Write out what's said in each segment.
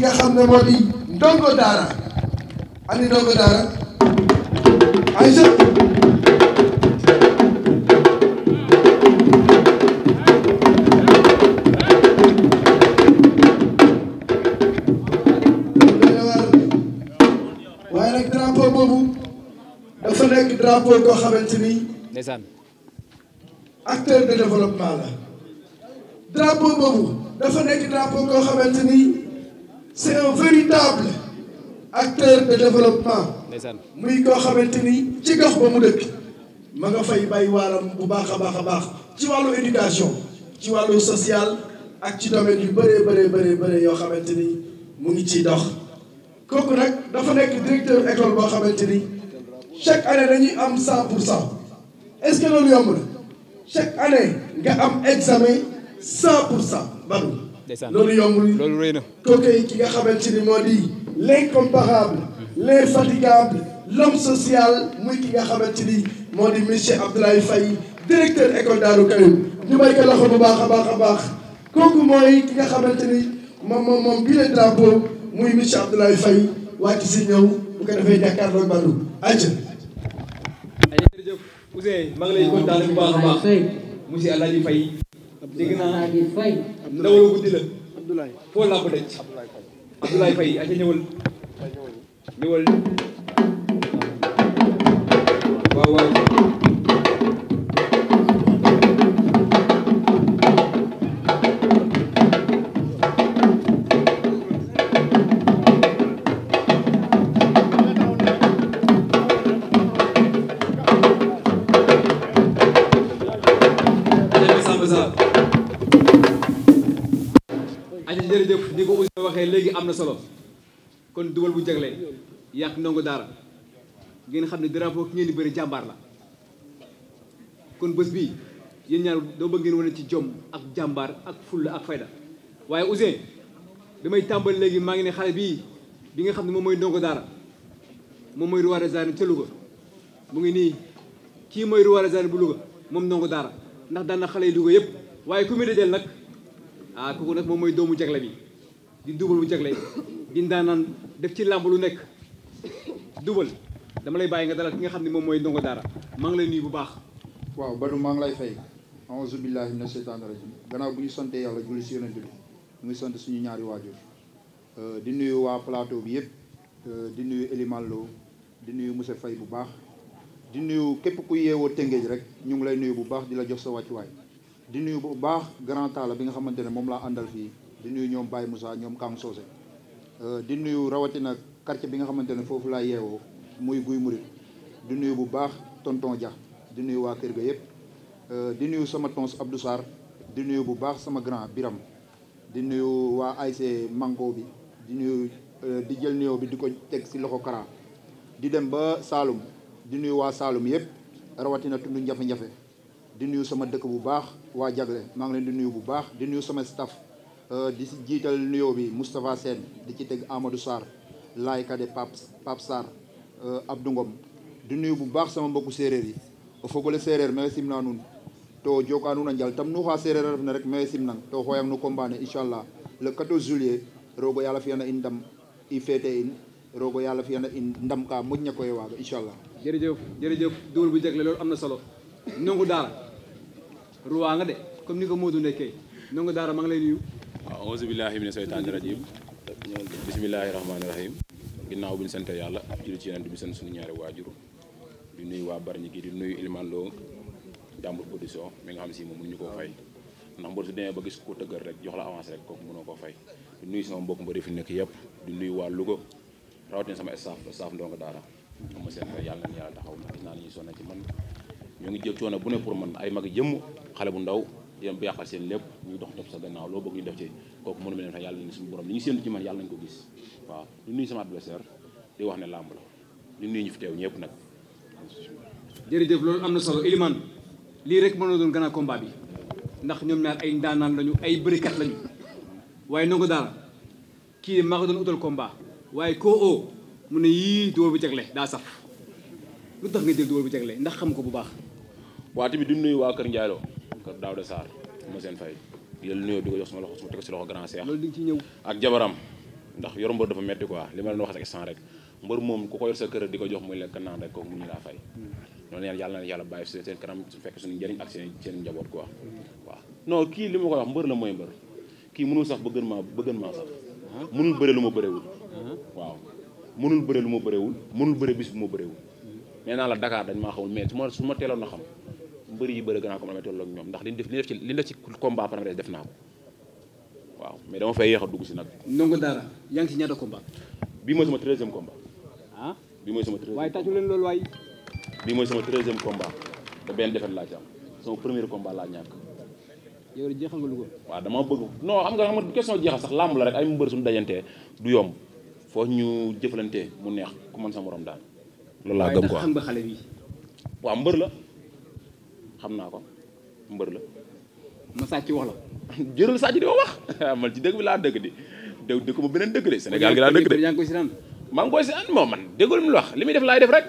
ki nga xam ne moo ndongo daara ani ndongo daara ay sa waaye nag drapeau boobu dafa nekk drapeau boo xamante ni ndeysaan acteur de développement la drapeau boobu dafa nekk drapeau boo xamante ni c'est un véritable acteur de développement. muy koo un de ba mu dëkk ma nga fay social ak ci domaine directeur école chaque année dañuy am 100 est-ce que nous yomb chaque année nga am examen 100 loolu yombul loolu rëy na kooku yi ki nga xamante ni moo di l'incomparable l'infatigable l'homme social muy ki nga xamante ni moo di monsieur Abdoulaye Faye directeur école Daaru Karim ñu may ko loxo bu baax a baax a baax kooku mooy ki nga xamante ni moom moom moom bii la drapeau muy monsieur Abdoulaye Faye wàcc si ñëw bu ko defee jàkkaarloo Badou aja ay jërëjëf Ousseyn maa ngi lay kontaan bu baax a baax monsieur Alaaji Faye dégg naa ndawal guddi a foo làmb daj Abdoulaye Faye ak ñëwal ñëwal waaw waaw def ni ko waxee léegi am na solo kon dugal bu jagle yàq ndongo daara ngeen xam ne drapeau ki ngeen di bëri jàmbaar la kon bés bii yéen ñaar doo bëgg ngeen wane ci jom ak jàmbaar ak fulla ak fayda waaye Ouzin damay tàmbal léegi maa ngi ne xale bii bi nga xam ne moom mooy ndongo daara moom mooy roi des arènes ca Louga mu ngi nii kii mooy roi des bu Louga moom ndongo daara ndax daan xale yi Louga yëpp waaye ku muy dajal nag ah kooku nag moom mooy doomu jagle bi di dubal bu jagle di ndaanaan def ci làmb lu nekk dubal dama lay bàyyi nga dara ki nga xam ne moom mooy ndongo daara maa ngi lay nuyu bu baax waaw Badou maa ngi lay fay aouzu billahi mina sheytaani rajim gannaaw bu ñu sante yàlla julli si yonent bi ñu ngi sant suñu ñaari waajur euh, di nuyu waa plateau bi yëpp euh, di nuyu Eliman Lo di nuyu monsieur Faye bu baax di nuyu képp ku yeewoo Tëngéej rek ñu ngi lay nuyu bu baax di la jox sa wàccuwaay di nuyu bu baax grand taala bi nga xamante ne moom laa àndal fii di nuyu ñoom Baye Moussa ñoom Kang Socé euh, di nuyu rawatina quartier bi nga xamante ne foofu laa yeewoo muy Guy Mouride di nuyu bu baax tonton Dia di nuyu waa kër ga yëpp euh, di nuyu sama tons Abdou Sarr di nuyu bu baax sama grand Biram di nuyu waa AIC Mango bi di nuyu euh, di jël nuyoo bi di ko teg ci loxo Kara di dem ba Saloum di nuyu waa saalum yëpp rawatina tund njafe-njafe di nuyu sama dëkk bu baax. waa jagle maa ngi leen di nuyu bu baax di nuyu sama staff euh, di jiital nuyo bi Moustapha Sène di ci teg Amadou Sarr Laayka de Pape Pape Sarr euh, Abdou Ngom di nuyu bu baax sama mbokku séeréer yi o fogole séeréer maxey naa nun to joka nuun a njal tam nu xa séeréer a refna rek maxey simnang to xooyam nu combane inchallah le 14 juillet roogo yàlla fiyana in ndam i féete in roogo yàlla fiyana in ndam ka moƴna koy waaga inchallah allah jërëjëf dugal bu jagle loolu am na solo ruwaa nga de comme ni ko moo Modou nekkee ndongo daara maa ngi lay nuyu. waaw auzu billahi mina seytaani rajim bismillahi rahmaani rahim ginnaaw bi ñu sant yàlla julli ci yeneen bi sant suñu ñaari waajur di nuyu waa Bargny gi di nuyu Iliman Lo jàmbur production mi nga xam si moom mënuñu koo fay ndax mbër su demee ba gis ko tëggal rek jox la avance rek kooku mënoo koo fay di nuyu sama mbokk mbër yi fi nekk yëpp di nuyu waa Louga rawatina sama staff staff ndongo daara am ma seen fay yàlla na yàlla taxaw gis naa ni ñuy ci man ñoo ya, ngi jël wona bu ne pour man ay mag jëmm xalé bu ndaw yéen bu yàqal seen lepp ñu dox topp sa gannaaw lo bëgg ñu def ci kooku mënu ma leen wax yàlla suñu borom ñu seen ci man yalla nañ ko gis waaw ñu nuy sama adversaire di wax ne lamb la ñu nuy ñu fi tew ñepp nak jëri def lool amna solo Elimane li rek mënoo doon gëna combat bi ndax ñom ñaar ay ndaanaan lañu ay barikat lañu waye nango daara kii maa ko doon utal combat waye koo o mu ne yii dóor bu jagle daa lu tax nga jël dóor bu ndax xam ko bu baax waa tamit di nuyu waa kër Ndiaye Lo kër Daouda Sarr ma seen fay di leen nuyoo di ko jox sama loxo sama teg si loxo grand Cheikh loolu di ci li ma leen wax rek sans rek mbër moom ku ko sa kër di ko jox muy lekk naan rek kooku mu ñu laa fay hmm. loolu neen yàlla na yàlla bàyyi seen fekk suñu njëriñ ak seen seen njaboot quoi waaw non kii li ma mooy mbër kii mënul sax bëggan maa bëggan maa sax mënul bëre lu ma bëréwul waaw mënul bëre lu ma bëréwul mënul bëre bis bu ma bëréwul mais hmm. naa la Dakar dañ maa xamul mais su ma teeloon na xam bëri yi bëri gën ko mën mais dama fay yéex a dugg si nag. Ndongo Daara yaa ngi si ñaata combat. bii mooy sama treizième combat. ah bii mooy sama waaye tàccu leen loolu waay. bii mooy sama treizième combat te benn defet laa am sama premier combat laa ñàkk. yow de jeexal nga Louga. waaw dama bëgg non xam nga xam nga question jeexal sax làmb la rek ay mbër suñu dajantee du yomb foo ñu jëflante mu neex ku sa morom daan. loolu laa gëm quoi waaye ndax bi. mbër la xam naa ko mbër la ma sàcc wax la jëral sàcc di ma wax man ci dëkk bi laa dëkk di dëkk dëkk bu beneen dëkk de Sénégal gi laa dëkk de yaa ngi koy si naan maa ngi koy si naan moom man déggul mu wax li def laay def rek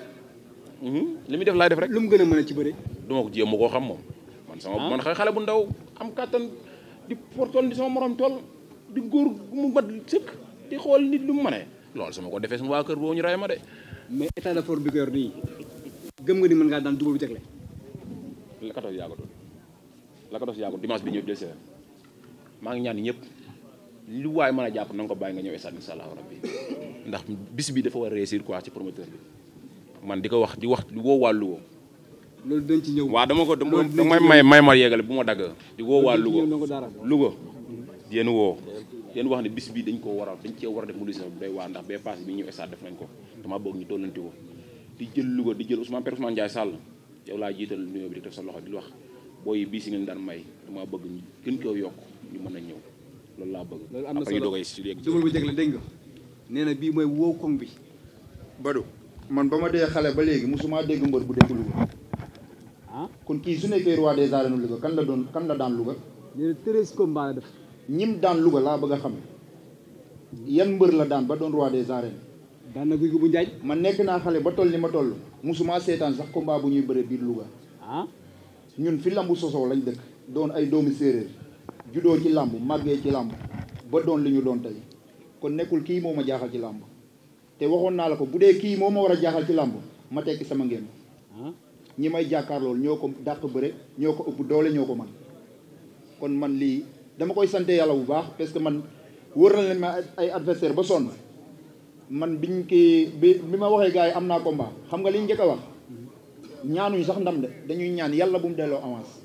mhm. li muy def laay def rek lu mu gën ci bëre du ko jéem koo xam moom man sama ah. man xale bu ndaw am kàttan di portol di sama morom tol di góor mu mat sëkk di xool nit lu mu mënee loolu sama ko defee sama waa kër boo ñu ray ma de mais état de forme bi ko yor nii gëm nga ni mën ngaa daan duba bi tegle le 14 yàggatul le 14 yàggatul dimanche bi ñëw jël seen maa ngi ñaan ñëpp lu waaye mën a jàpp na nga ko bàyyi nga ñëw stade incha allahu rabbi ndax bis bi dafa war a quoi ci promoteur bi man di ko wax di wax di woo wàllu woo. loolu ci ñëw waaw dama ko dama may may may ma yeegale bu ma dagg. di woo waa Louga Louga yéen woo yéen wax ne bis bi dañ koo waral cee war a def mu bu doy waa ndax bi ñëw def nañ ko dama bëgg ñu tollanti woo di jël Louga di jël Ousmane Père Ousmane Ndiaye yow laa jiital nuyoo bi di sa loxo di wax booy bii si ngeen daan may dama bëgg ñu gën koo yokk ñu mën a ñëw loolu laa bëgg. a am na solo dugal bu jégle dégg nga nee na bii mooy wow koŋ bi. Badou man ba dee xale ba léegi mosuma dégg mbër bu dëkk Louga. Ah? kon kii su nekkee roi des arènes Louga kan la doon kan la daan Louga. nee na treize combats la def. ñim daan Louga laa bëgg a xam yan mbër la daan ba doon roi des arènes. daan na guy bu njaaj man nek na xale ba toll ni ma toll musuma setan sax combat bu ñuy bëre biir luga ah ñun fi lambu soso lañ dëkk doon ay doomi séeréer judo ci lambu màggee ci lambu ba doon li doon tay kon nekul ki moma ma jaaxal ci lambu te waxon na la ko budé ki moma wara jaaxal ci lambu ma tekki sama ah ñi may jaakar lool ñoko dakk bëre ñoko upp doole ñoko man kon man li dama koy santé yalla bu baax parce que man leen ma ay adversaire ba man biñ ki bi bi ma waxee gars yi am naa ko combat xam nga liñ njëkk a wax ñaanuñ sax ndam de dañuy ñaan yàlla bu mu delloo avance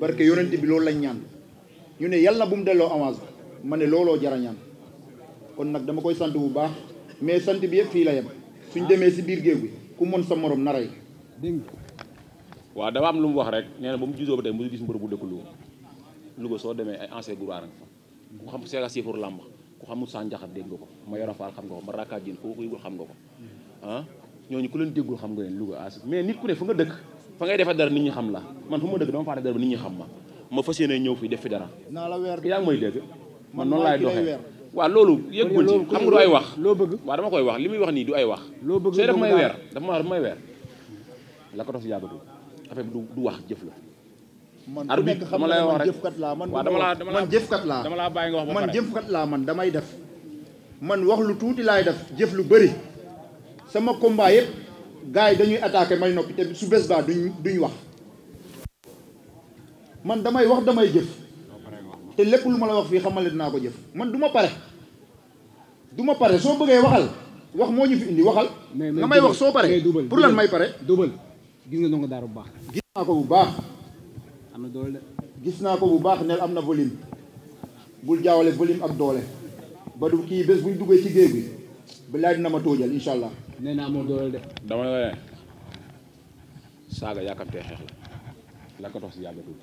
parce que yonent bi loolu lañ ñaan ñu ne yàlla bu mu delloo avance ma ne looloo jarañaan kon nag dama koy sant bu baax mais sant bi yëpp fii la yem suñ demee si biir géew bi ku mën sa morom naray waa dafa am lu mu wax rek nee na ba mu juddoo ba tey mu gis mbër bu dëkk Louga Louga soo demee ay ancien gouvernement ku xam seega siifur làmb ku xamul sa njaxat deg nga ko ma yoro faal xam nga ko ma raka jin ku ko yigul xam nga ko han ah? ñoñu ku leen degul xam nga leen Louga as mais nit ku ne fa nga dekk fa ngay defal dara nit ñi xam la man fu ma dekk dama fa def dara nit ñi xam ma ma fas ñew fi def fi dara na la yaa ngi may dégg man non lay doxé wa lolu yëggul ci xam nga ay wax lo bëgg wa dama koy wax limuy wax ni du ay wax lo bëgg sooy daf may wer dafa ma may wer la ko tof yàggatul affaire du wax jëf la man ku nekk xam nga man jëfkat laa man man jëfkat laa dama laa bàyyi nga wax ba pare man jëfkat laa man damay def man wax lu tuuti laay def jëf lu bari sama combat yëpp gars yi dañuy attaqué may noppi te su bés baa duñ duñ wax man damay wax damay jëf te lépp lu ma la wax fii xamal dinaa ko jëf man du ma pare du ma pare soo bëggee waxal wax moo ñu fi indi waxal. nga may wax soo pare pour lan may pare. duubal gis nga ndongo daara bu baax. gis naa ko bu baax. am na doole gis naa ko bu baax nel am na volume bul jaawale volume ak doole ba du kii bés bu ñu duggee ci géej gi ba laaj na ma tóojal incha allah. nee naa moo doole de. dama ne saaga yàkkamtee xeex la la ko dox si yàggatul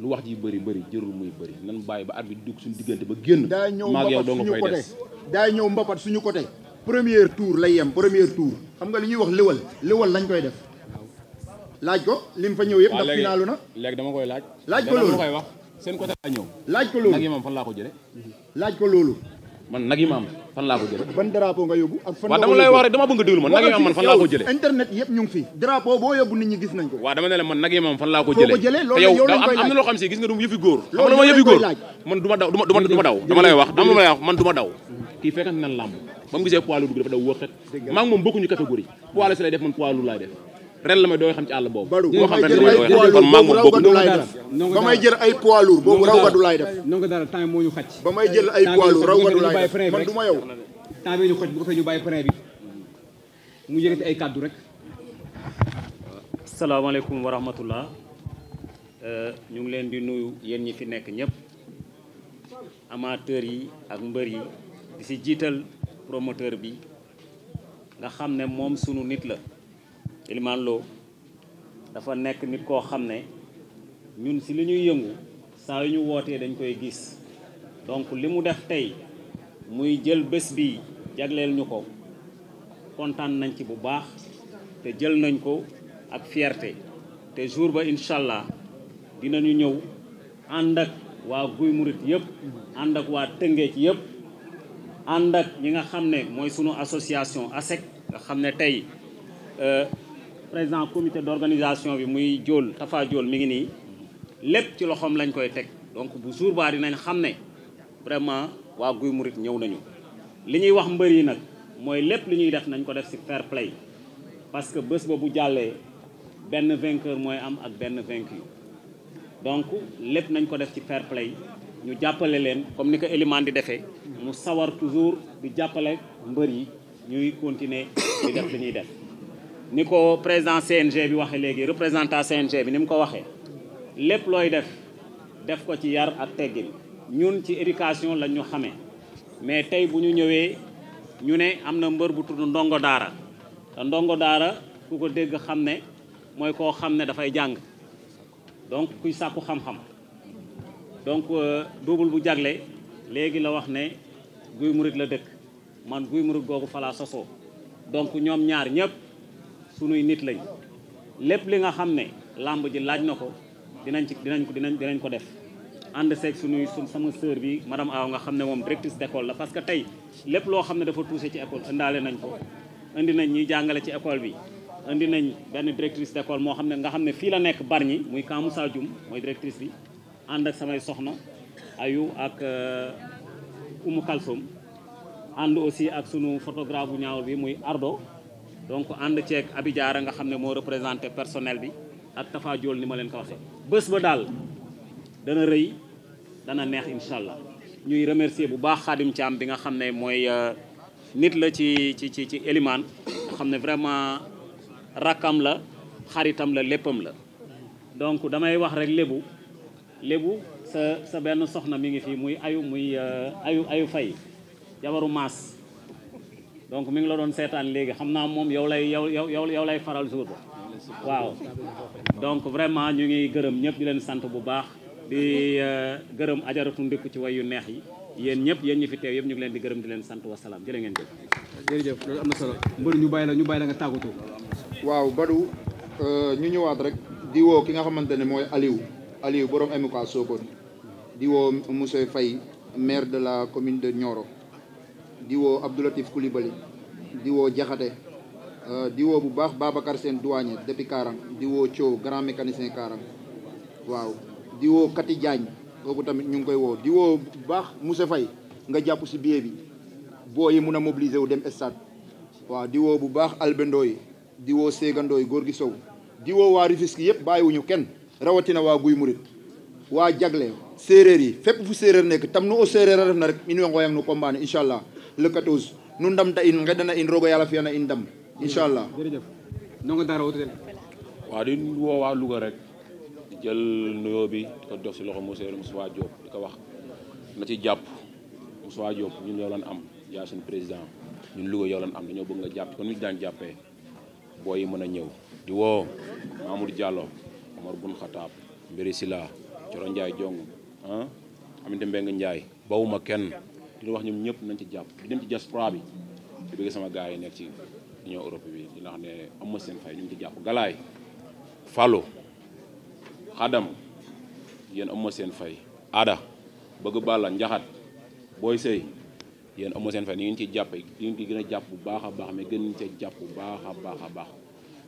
lu wax ji bëri bëri jërul muy bëri nan bàyyi ba arbitre dugg suñu diggante ba génn. maa ngi yow doo nga fay des daay ñëw mbapat suñu ko côté. premier tour lay yem premier tour. xam nga li ñuy wax lëwal lëwal lañ koy def. laaj ko lim fa ñëw yëpp ndax finaalu na léegi dama koy laaj laaj ko loolu koy wax seen côté laa ñëw laaj ko loolu nag yi maam fan laa ko jële laaj ko loolu man nag yi maam fan laa ko jële ban drapeau nga yóbbu ak fan waaw dama lay wax rek dama bëgg déglu ma nag yi man fan laa ko jële internet yëpp ñu ngi fi drapeau boo yóbbu nit ñi gis nañ ko waaw dama ne la man nag yi maam fan laa ko jële yow am na loo xam si gis nga du yëfi góor xam nga ma yëfi góor man duma daw duma duma daw dama lay wax dama lay wax man duma daw kii fekkante nan làmb ba mu gisee poids lu dugg dafa daw wëqat maa ngi moom bokkuñu catégorie poids la lay def man poids lu def ren la ma doy xam ci àll boobu. baru boo xam ren la doy xam kon maag moom boobu. ba may jël ay poids lourd boobu raw gadu laay def. nonga dara temps moo ñu xaj. jël ay poids lourd raw def man yow. bi ñu bu ko ñu frein bi mu ay rek. wa rahmatullah ñu ngi leen di nuyu yéen ñi fi nekk yi ak yi di promoteur bi nga xam mom sunu nit la. Elimane Lo dafa nekk nit koo xam ne ñun si li ñuy yëngu saa yu ñu wootee dañ koy gis donc li mu def tey muy jël bés bi jagleel ñu ko kontaan nañ ci bu baax te jël nañ ko ak fierté te jour ba incha allah dinañu ñëw ànd ak waa Guy Murit yëpp ànd ak waa Tëngéej yëpp ànd ak ñi nga xam ne mooy sunu association ASEC nga xam ne tey euh, président comité d'organisation bi muy Diol Tafa Diol mi ngi ni lepp ci loxom lañ koy tek donc bu jour ba dinañ xamné vraiment wa Guy mourid ñew nañu. liñuy wax mbeur yi nak moy lepp liñuy def nañ ko def ci fair play parce que bëss ba bu jàllee benn vainqueur moy am ak ben vaincu donc lepp nañ ko def ci fair play ñu jappalé leen comme ni ko élément di défé mu sawar toujours di jappalé mbeur yi ñuy continuer di def liñuy def ni ko président CNG bi waxee légui représentant CNG bi nim ko waxee lepp loy def def ko ci yar ak teggin ñun ci éducation la ñu xamee mais tay bu ñu ñëwee ñu ne am na bu tudd ndongo dara te ndongo dara ku ko dégg xamné moy ko xamné da fay jang donc kuy sàkku xam-xam donc euh, double bu jaglé légui la wax né guy mourid la dëkk man guy mourid gogu fala soso donc ñom ñaar ñëpp sunuy nit lañ lépp li nga xam ne làmb ji laaj na ko dinañ ci dinañ ko dinañ dinañ ko def ànd seeg sunuy su sama sœur bi madame Aw nga xam ne moom directrice d'école la parce que tey lépp loo xam ne dafa touché ci école indaale nañ ko indi nañ ñuy jàngale ci école bi indi nañ benn directrice d'école moo xam ne nga xam ne fii la nekk Bargny muy Kamou Sadioum mooy directrice bi ànd ak samay soxna ayu ak euh, Oumou Kalsoum ànd aussi ak sunu photographe bu ñaawul bi muy Ardo donc ànd ceeg Abi Diarra nga xam ne moo représenté personnel bi ak Tafa Diol ni ma leen ko waxee. bés ba daal dana rëy dana neex incha allah ñuy remercier bu baax Khadim Thiam bi nga xam ne mooy euh, nit la ci ci ci ci Elimane nga xam ne vraiment rakkam la xaritam la léppam la donc damay wax rek lébu lébu sa sa benn soxna mi ngi fii muy ayu muy euh, ayu ayu fay jabaru maas donc mi ngi la doon seetaan léegi xam naa moom yow lay yow yow yow lay faral jour ba waaw donc vraiment ñu ngi gërëm ñëpp di leen sant bu baax di euh, gërëm ajaratu ndëkku ci way yu neex yi yéen ñëpp yéen ñi fi teew yëpp ñu ngi leen di gërëm di leen sant wasalaam jërë ngeen jëf jërëjëf loolu am na solo mbër ñu bàyyi la ñu bàyyi la nga tàggatoo waaw badu euh, ñu ñëwaat rek di woo ki nga xamante ne mooy Aliou Aliou borom MK Sokone di woo monsieur fay maire de la commune de Nioro diwoo woo Abdoulatif Coulibaly di woo Jaxate euh, di woo bu baax Babacar Sène douanier depuis Karang di woo Thio grand mécanicien Karang waaw di woo Kati Diagne kooku tamit ñu ngi koy woo di woo bu baax Moussa fay nga jàpp si billet bi boo yi mun a mobiliser wu dem stade waaw di woo bu baax albendoo yi di woo séegandoo góor gi sow di woo waa Rufisque yëpp bàyyiwuñu kenn rawatina waa guy murit waa jagle séeréer yi fépp fu séeréer nekk tam nu o séeréer a ref na rek in way allah le 14 nu ndam ndamta in nga dana in rogo yalla fi fiyana in ndam inchallah no nga dara wutel wa di wo wa Louga rek di jël nuyo bi ko dox ci loxo monsieur Moussa Diop diko wax na ci japp Moussa Diop ñun yow lan am ya sun président ñun Louga yo lan am dañu bëgg nga japp kon ñu daan jappé boy yi mëna ñëw di wo Mamour Diallo Omar Bun Khatab Mbiri Sila Coro Ndiaye Jong ah Aminata Mbengue Ndiaye bawuma kenn di wax ñoom ñëpp nañ ci jàpp di dem ci diaspora bi di bëgg sama gars yi nekk ci Union Europe bi di wax ne am ma seen fay ñu ngi ci jàpp galaay Fallou Xadam am ma seen fay Ada bëgg Balla Njaxat Boy Sey yéen am ma seen fay ni ngeen ci jàpp ni ngeen ci gën a jàpp bu baax a baax mais gën nañ ci jàpp bu baax a baax a baax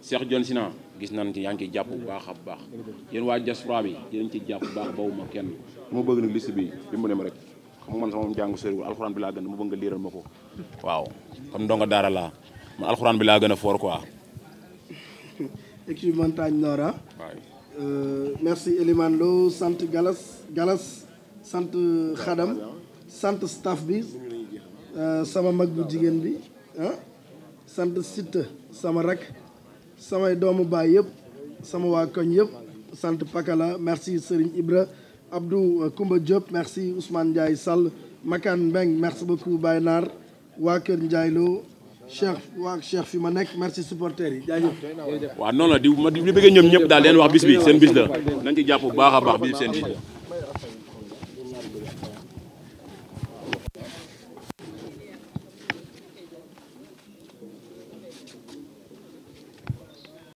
Cheikh John Sina gis nañ ci yaa ngi ciy jàpp bu baax a baax yéen waa diaspora bi yéen ci jàpp bu baax bawuma kenn moo bëgg nag liste bi dimbali rek xam man sama jàng soriwul alxuraan bi laa gën ma bëgg nga liiral ma ko waaw comme ndongo daara man alxuraan bi laa gën a foor quoi. équipe montagne Nora. Ah. Euh, merci Elimane Lo sant Galas Galas sant Xadam sant staff bi euh, sama mag bu jigéen bi ah sant Siteu sama rak samay doomu baay yëpp sama waa koñ yëpp sant Pakala merci Serigne Ibra. Abdou Koumba euh, Diop merci Ousmane Ndiaye Sall Makan Mbeng merci beaucoup Baye Naar waa Kër Ndiaye Lo Cheikh waa Cheikh fi ma nekk merci supporters yi jaajëf. waaw di ma ñoom ñëpp daal leen wax bis bi seen bis la nañ ci baax a baax bi seen bis